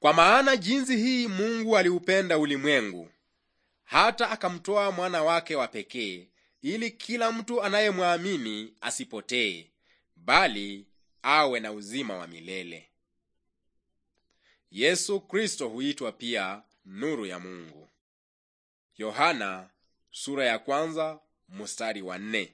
Kwa maana jinsi hii Mungu aliupenda ulimwengu hata akamtoa mwana wake wa pekee, ili kila mtu anayemwamini asipotee, bali awe na uzima wa milele. Yesu Kristo huitwa pia nuru ya Mungu. Yohana sura ya kwanza mstari wa nne.